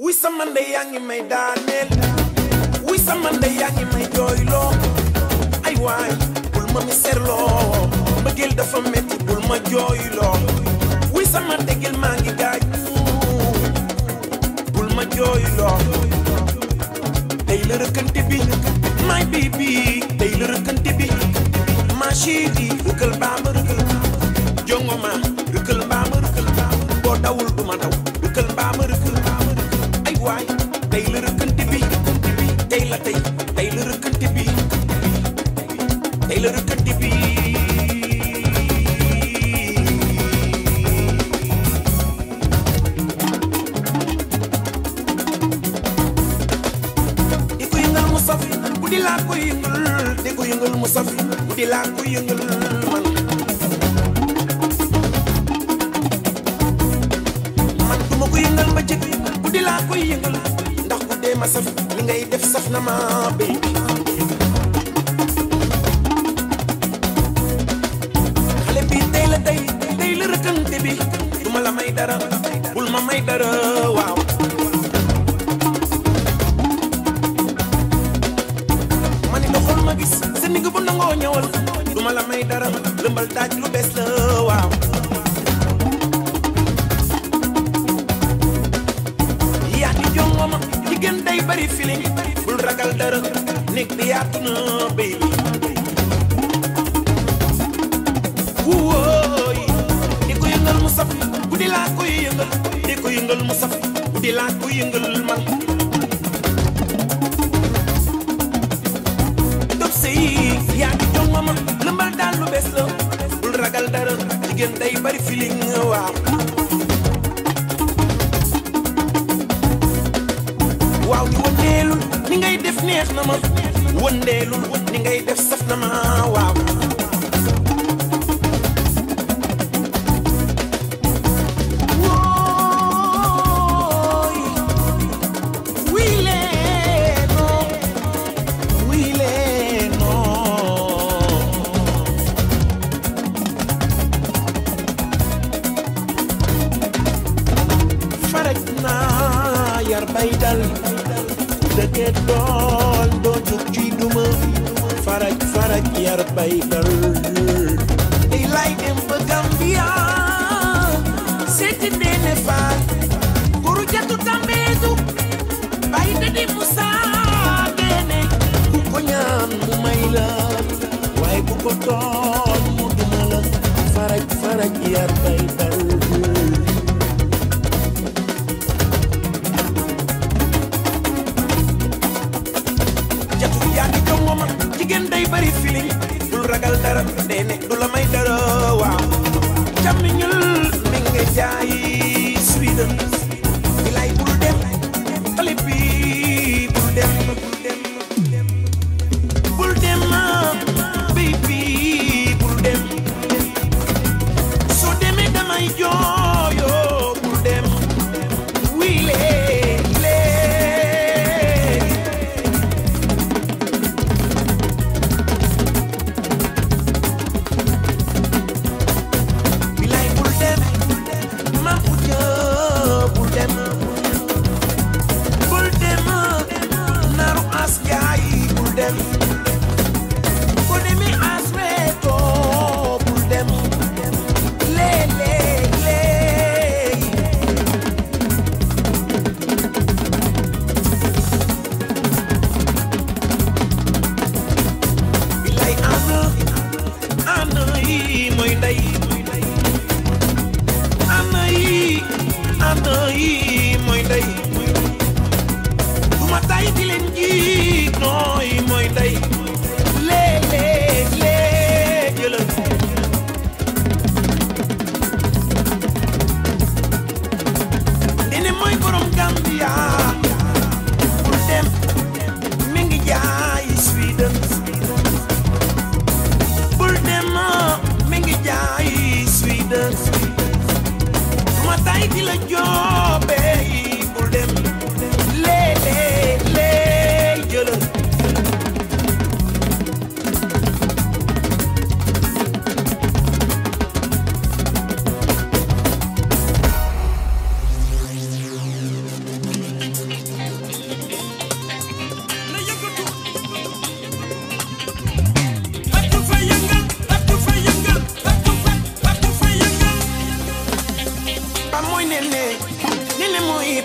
wuy sama ndey yaa ngi may daaneel wuy sama ndey yaa ngi may jooyloo ay waay bul ma mi serloo mbëggeel dafa metti bul ma jooyloo wuy sama ndegeel maa ngi gaaj bul ma jooyloo day la rëkkante bi rëkkante bi ma chéri rëkkal baama rëkkal baama jongoma rëkkal baama rëkkal baama boo dawul duma daw tey la rëkkante bi tey la tey tey la rëkkante bi tey la rëkkante bi di ko yëngal mu saf bu di laa ko yëngal di ko yëngal mu saf bu di laa ko yëngal man man du ma ko yëngal ba jëkk bu di laa ko yëngal dee ma saf li ngay def saf na ma baby xale bi tey la tey tey la rëkkante bi du ma la may dara bul ma may dara waaw ma ni nga xool ma gis sa ni nga bu nangoo ñëwal du ma la may dara lëmbal daaj lu bees la waaw gën day bari feeling bul ragal dara nekk bi yaatu na béy bi wóoy di ko yëngal mu saf guddi laa koy yëngal di ko yëngal mu saf guddi laa koy yëngal man dob sëy yaa ngi jong ma lëmbal daal lu bees la bul ragal dara jigéen day bari feeling waaw wëndeelul ni ngay def neex na ma wëndeelul ni ngay def saf na ma waaw faraj faraj yar baydal day lay dem ba Gambia seeti Déné Fall guru jatu tambeetu bay dadi Musa Déné ku ko ñaan mu may ku ko mu duma la faraj faraj yar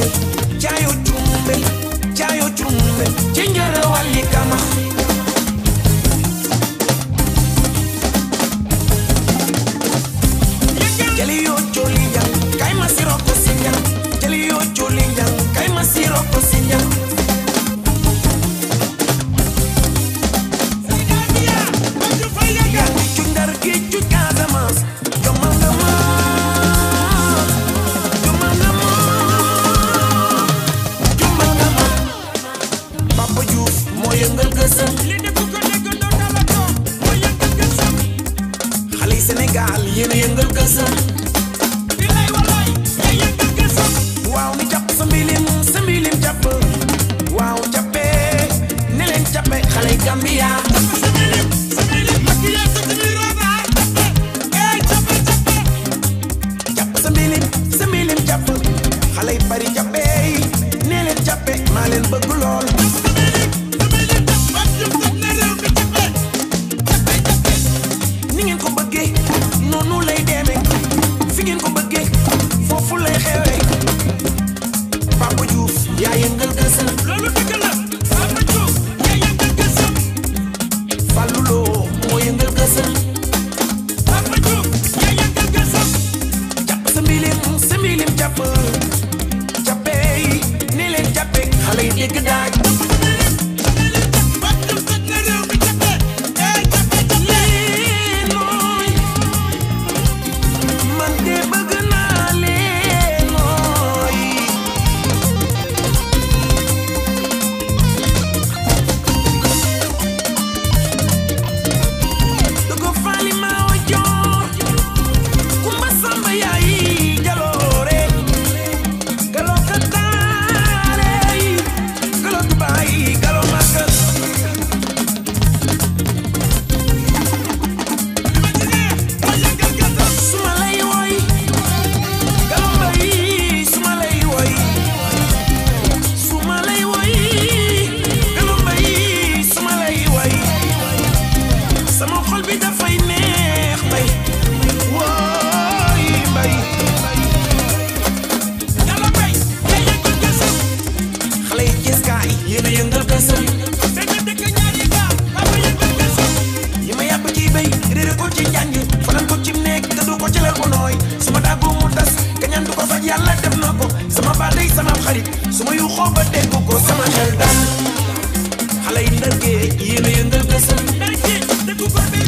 thank you yéen a yëngal kasa bi lay waaw ni jàpp sa mbilim sa mbilim jàpp waaw jàppee ne leen jàppee xale Gambia yàlla def na ko sama baat day sama xarit su ma yu xoo ba dégg ko sama xel dal xale yi ndar géej yéen a yëngal ko